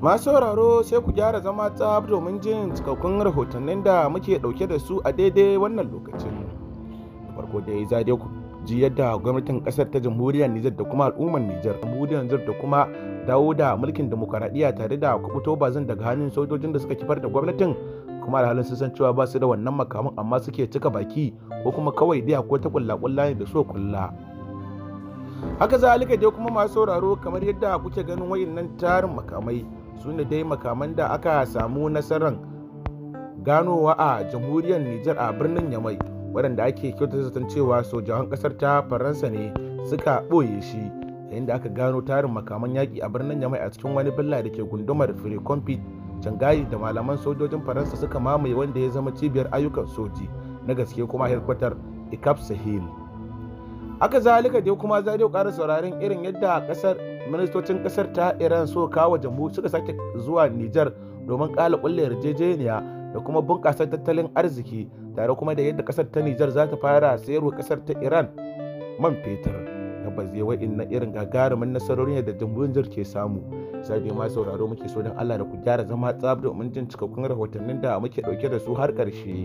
masu sauraro sai ku gyara zama tsab domin jin cikakkun rahotannin da muke dauke da su a daidai wannan lokacin farko da ya dai ku ji yadda gwamnatin ƙasar ta jamhuriyar nijar da kuma al'ummar nijar jamhuriyar nijar da kuma dawo da mulkin demokaradiyya tare da kubuto bazan daga hannun sojojin da suka kifar da gwamnatin kuma alhalin sun san cewa ba su da wannan makamin amma suke cika baki ko kuma kawai biya ko ta kulla kulla ne da so kulla haka zalika dai kuma masu sauraro kamar yadda kuke ganin wayannan tarin makamai sune dai makaman da aka samu nasarar ganowa a jamhuriyar Nijar a birnin Yamai waɗanda ake kyauta zaton cewa sojawan kasar ta Faransa ne suka ɓoye shi yayin da aka gano tarin makaman yaƙi a birnin Yamai a cikin wani billa da ke gundumar Firikomfit Cangayi da malaman sojojin Faransa suka mamaye wanda ya zama cibiyar ayyukan soji na gaske kuma headquarter Ikap Sahil. Aka zalika dai kuma za ƙara sauraron irin yadda ƙasar ministocin kasar ta iran so kawo Jammu suka sake zuwa nijar domin kala kulle yarjejeniya da kuma bunƙasar tattalin arziki tare kuma da yadda kasar ta nijar za ta fara sayarwa kasar ta iran man fetur tabbas ya wa'in na irin gagarumin nasarorin da jamhuriyar ke samu sai ma sauraro muke so don allah da ku gyara zama tsab domin jin cikakkun rahotannin da muke dauke da su har karshe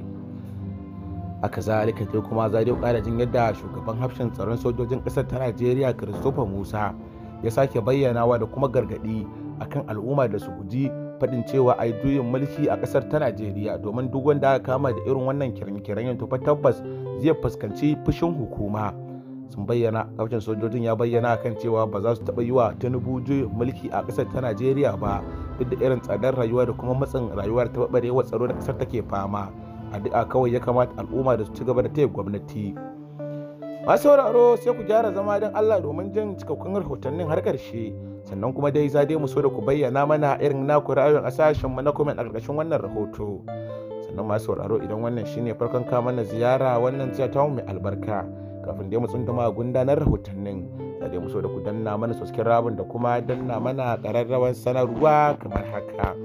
a kazalika dai kuma za dai jin yadda shugaban hafshin tsaron sojojin kasar ta najeriya christopher musa ya sake bayyanawa da kuma gargaɗi akan al'umma da su guji faɗin cewa a juyin mulki a ƙasar ta najeriya domin duk wanda aka kama da irin wannan kiran-kiran to fa tabbas zai fuskanci fushin hukuma sun bayyana kafin sojojin ya bayyana kan cewa ba za su taɓa yi wa tunubu juyin mulki a ƙasar ta najeriya ba duk da irin tsadar rayuwa da kuma matsin rayuwar ta tsaro da ƙasar take fama a a kawai ya kamata al'umma da su ci gaba da taya gwamnati masu sauraro sai ku gyara zama don Allah domin jin cikakkun rahotannin har ƙarshe sannan kuma dai za mu so da ku bayyana mana irin naku rayuwar a sashen mu na comment a ƙarƙashin wannan rahoto sannan masu sauraro idan wannan shine farkon kama na ziyara wannan jiya ta mai albarka kafin dai mu tsunduma gundanar rahotannin za dai mu so da ku danna mana soskin rabin da kuma danna mana ƙararrawar sanarwa kamar haka.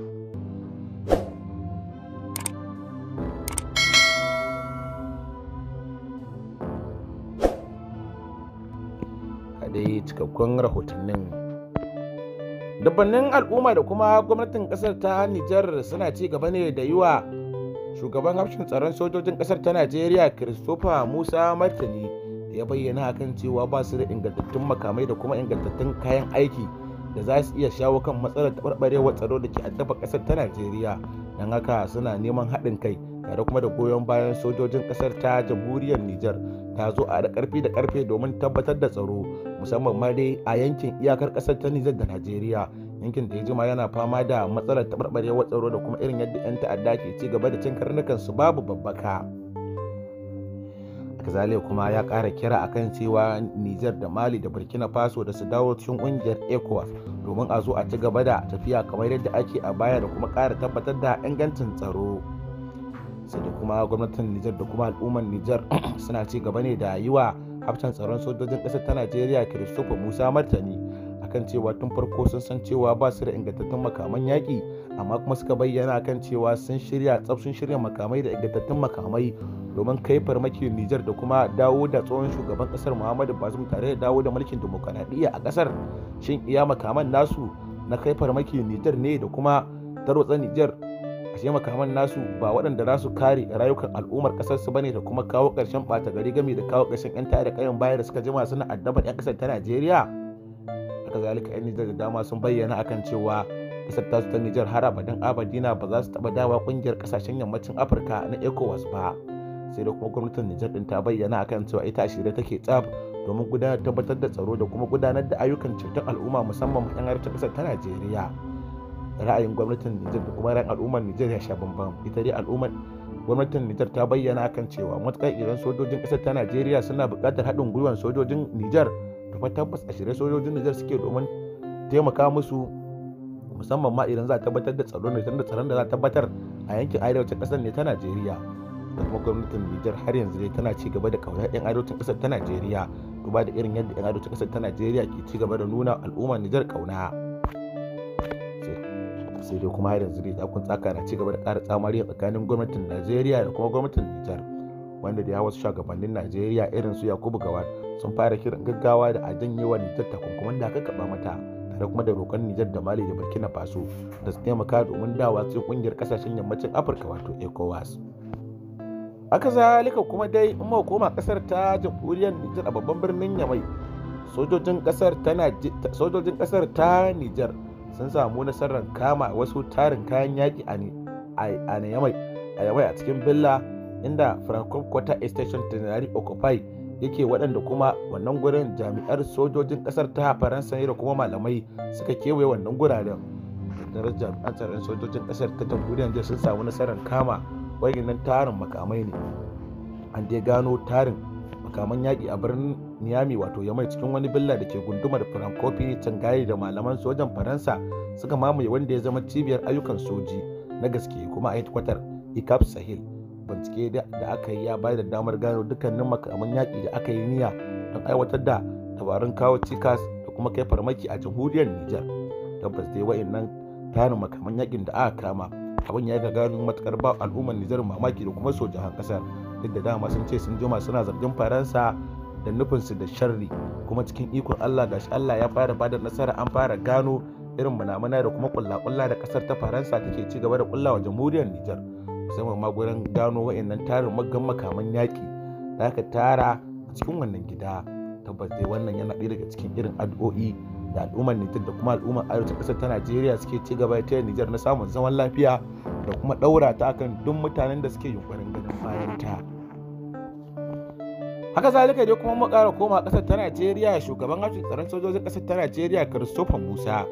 sakamakon rahotannin dabbannin al'umma da kuma gwamnatin kasar ta nijar suna ci gaba ne da yi wa shugaban hafshin tsaron sojojin kasar ta najeriya christopher musa martani ya bayyana akan cewa ba su da ingantattun makamai da kuma ingantattun kayan aiki da za su iya shawo kan matsalar taɓarɓarewar tsaro da ke addaba kasar ta najeriya don haka suna neman haɗin kai tare kuma da goyon bayan sojojin kasar ta jamhuriyar Nijar ta zo a da karfi da karfe domin tabbatar da tsaro musamman ma dai a yankin iyakar kasar ta Nijar da Najeriya yankin da ya jima yana fama da matsalar taɓarɓarewar tsaro da kuma irin yadda 'yan ta'adda ke ci gaba da cin karnukan su babu babbaka kazale kuma ya kara kira akan cewa nijar da mali da burkina faso da su dawo cikin kungiyar ecowas domin a zo a ci gaba da tafiya kamar yadda ake a baya da kuma kara tabbatar da ingancin tsaro sai da kuma gwamnatin Nijar da kuma al'ummar Nijar suna ci gaba ne da yi wa haftan tsaron sojojin ƙasar ta Najeriya Christopher Musa martani akan cewa tun farko sun san cewa ba su da ingantattun makaman yaƙi amma kuma suka bayyana kan cewa sun shirya tsaf sun shirya makamai da ingantattun makamai domin kai farmaki Nijar da kuma dawo da tsohon shugaban ƙasar Muhammadu Bazum tare da dawo da mulkin dimokuraɗiyya a ƙasar shin iya makaman nasu na kai farmaki Nijar ne da kuma tarotsa Nijar ashe makaman nasu ba waɗanda za su kare rayukan al'ummar ƙasar su bane da kuma kawo ƙarshen ɓata gari game da kawo ƙarshen 'yan tare da ƙayan baya da suka jima suna addabar 'yan ƙasar ta Najeriya haka zalika 'yan Nijar da dama sun bayyana akan cewa ƙasar tasu ta Nijar har abadan abadina ba za su taɓa dawa ƙungiyar ƙasashen yammacin Afirka na ECOWAS ba sai da kuma gwamnatin Nijar din ta bayyana akan cewa ita shirye take tsab domin gudanar tabbatar da tsaro da kuma gudanar da ayyukan ceton al'umma musamman 'yan harcin ƙasar ta Najeriya. ra'ayin gwamnatin Nijar da kuma ra'ayin al'ummar Nijar ya sha bambam ita dai al'ummar gwamnatin Nijar ta bayyana kan cewa matuƙar idan sojojin kasar ta Najeriya suna buƙatar haɗin gwiwar sojojin Nijar da kuma tabbas a shirye sojojin Nijar suke domin taimaka musu musamman ma idan za a tabbatar da tsaro ne da tsaron da za a tabbatar a yankin arewacin ƙasar ne ta Najeriya da kuma gwamnatin Nijar har yanzu dai tana ci gaba da kaunar 'yan arewacin ƙasar ta Najeriya duba da irin yadda 'yan arewacin ƙasar ta Najeriya ke ci gaba da nuna al'ummar Nijar kauna. sai dai kuma yanzu dai kun tsaka na cigaba da ƙara tsamari a tsakanin gwamnatin najeriya da kuma gwamnatin nijar wanda da ya wasu shugabannin najeriya irin su yakubu gawar sun fara kiran gaggawa da a janye wa nijar takunkuman da aka kaba mata tare kuma da roƙon nijar da mali da burkina faso da su taimaka domin dawa sai ƙungiyar kasashen yammacin afirka wato ecowas haka zalika kuma dai in koma ƙasar ta jamhuriyar nijar a babban birnin yamai sojojin kasar ta nijar sun samu nasarar kama wasu tarin kayan yaki a yamai a cikin billa inda quarter station tenari occupy yake waɗanda kuma wannan gurin jami'ar sojojin ƙasar ta faransa ne da kuma malamai suka kewaye wannan guraren rundunar jami'an tsaron sojojin ƙasar ta sun samu nasarar kama wayannan tarin makamai ne an dai gano tarin makaman yaƙi a birnin Niamey wato Yamai cikin wani billa da ke gundumar Francophi Tangaye da malaman sojan Faransa suka mamaye wanda ya zama cibiyar ayyukan soji na gaske kuma a hedkwatar ICAP Sahel. Bincike da aka yi ya bayar da damar gano dukkanin makaman yaƙi da aka yi niyya don aiwatar da dabarun kawo cikas da kuma kai farmaki a jamhuriyar Nijar. Tabbas dai wa'annan tarin makaman yaƙin da aka kama abin ya gano matukar ba al'ummar Nijar mamaki da kuma sojan ƙasar. duk da dama sun ce sun jima suna zargin faransa da nufinsu da sharri kuma cikin ikon allah gashi allah ya fara bada nasara an fara gano irin munamuna da kuma kulla-kulla da kasar ta faransa take ci gaba da kulla wa jamhuriyar nijar musamman ma gurin gano wa'annan tarin magan makaman yaƙi da aka tara a cikin wannan gida tabbas dai wannan yana ɗaya daga cikin irin addu'o'i da al'ummar Nijar da kuma al'ummar arewacin ƙasar ta Najeriya suke ci gaba ta Nijar na samun zaman lafiya da kuma ɗaura ta akan duk mutanen da suke yunkurin ganin bayan ta. Haka zalika dai kuma makara koma ƙasar ta Najeriya shugaban hafin tsaron sojojin ƙasar ta Najeriya Christopher Musa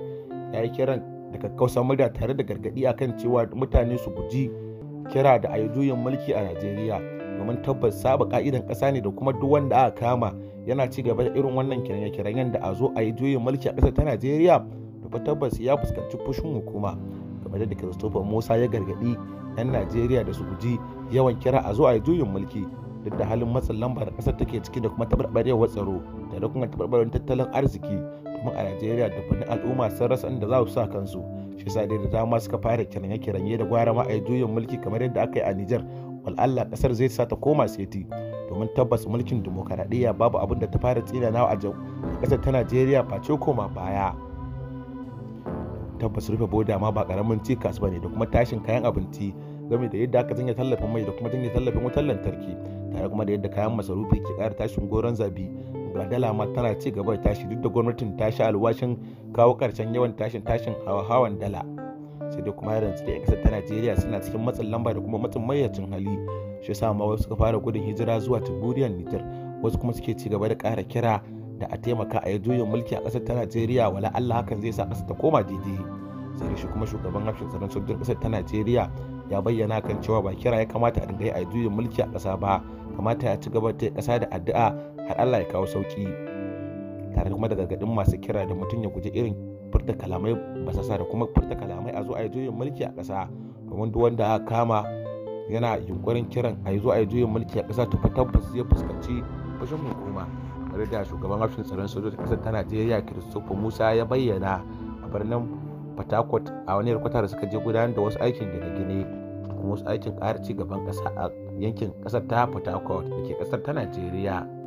ya yi kiran da kakkausan murya tare da gargaɗi akan cewa mutane su guji kira da a juyin mulki a Najeriya. domin tabbas saba ka'idan ƙasa ne da kuma duk wanda aka kama yana ci gaba da irin wannan kiranye-kiranyen da a zo a yi juyin mulki a ƙasar ta Najeriya to fa tabbas ya fuskanci fushin hukuma kamar yadda Christopher Musa ya gargadi 'yan Najeriya da su guji yawan kira a zo a yi juyin mulki duk da halin matsin lamba da ƙasar take ciki da kuma taɓarɓarewar tsaro da da kuma taɓarɓarewar tattalin arziki kuma a najeriya da al'umma sun rasa inda za su sa kansu shi sa dai da dama suka fara kiranye-kiranye da gwara ma a yi juyin mulki kamar yadda aka yi a nijar Allah kasar zai sa ta koma seti domin tabbas mulkin dimokuraɗiyya babu abin da ta fara tsinanawa a kasar ta najeriya face koma baya tabbas rufe boda ma ba karamin cikas ba ne da kuma tashin kayan abinci game da yadda aka janye tallafin mai da kuma janye tallafin wutar lantarki tare kuma da yadda kayan masarufi ke ƙara tashin goron zabi ga dala ma tana ci gaba da tashi duk da gwamnatin ta sha alwashin kawo ƙarshen yawan tashin tashin hawa-hawan dala. sai dai kuma yaran da ƙasar kasar ta najeriya suna cikin matsin lamba da kuma matsin mayyacin hali shi yasa ma wasu suka fara gudun hijira zuwa tiburiyar nijar wasu kuma suke ci gaba da ƙara kira da a taimaka a yi juyin mulki a ƙasar ta najeriya wala allah hakan zai sa ƙasar ta koma daidai sai shi kuma shugaban harshen tsaron sojin ƙasar ta najeriya ya bayyana kan cewa ba kira ya kamata a dinga yi a juyin mulki a ƙasa ba kamata ya ci gaba da ƙasa da addu'a har allah ya kawo sauki tare kuma da gargaɗin masu kira da mutum ya guji irin furta kalamai basasa da kuma furta kalamai a zo a yi juyin mulki a ƙasa domin duk wanda aka kama yana yunkurin kiran a yi zo a yi juyin mulki a ƙasa to tabbas zai fuskanci fushin hukuma kamar da shugaban hafshin tsaron sojoji ƙasar ta Najeriya Christopher Musa ya bayyana a birnin patakot a wani rikwata da suka je gudanar da wasu aikin gine-gine kuma wasu aikin ƙara ci gaban ƙasa a yankin ƙasar ta patakot da ke ƙasar ta Najeriya.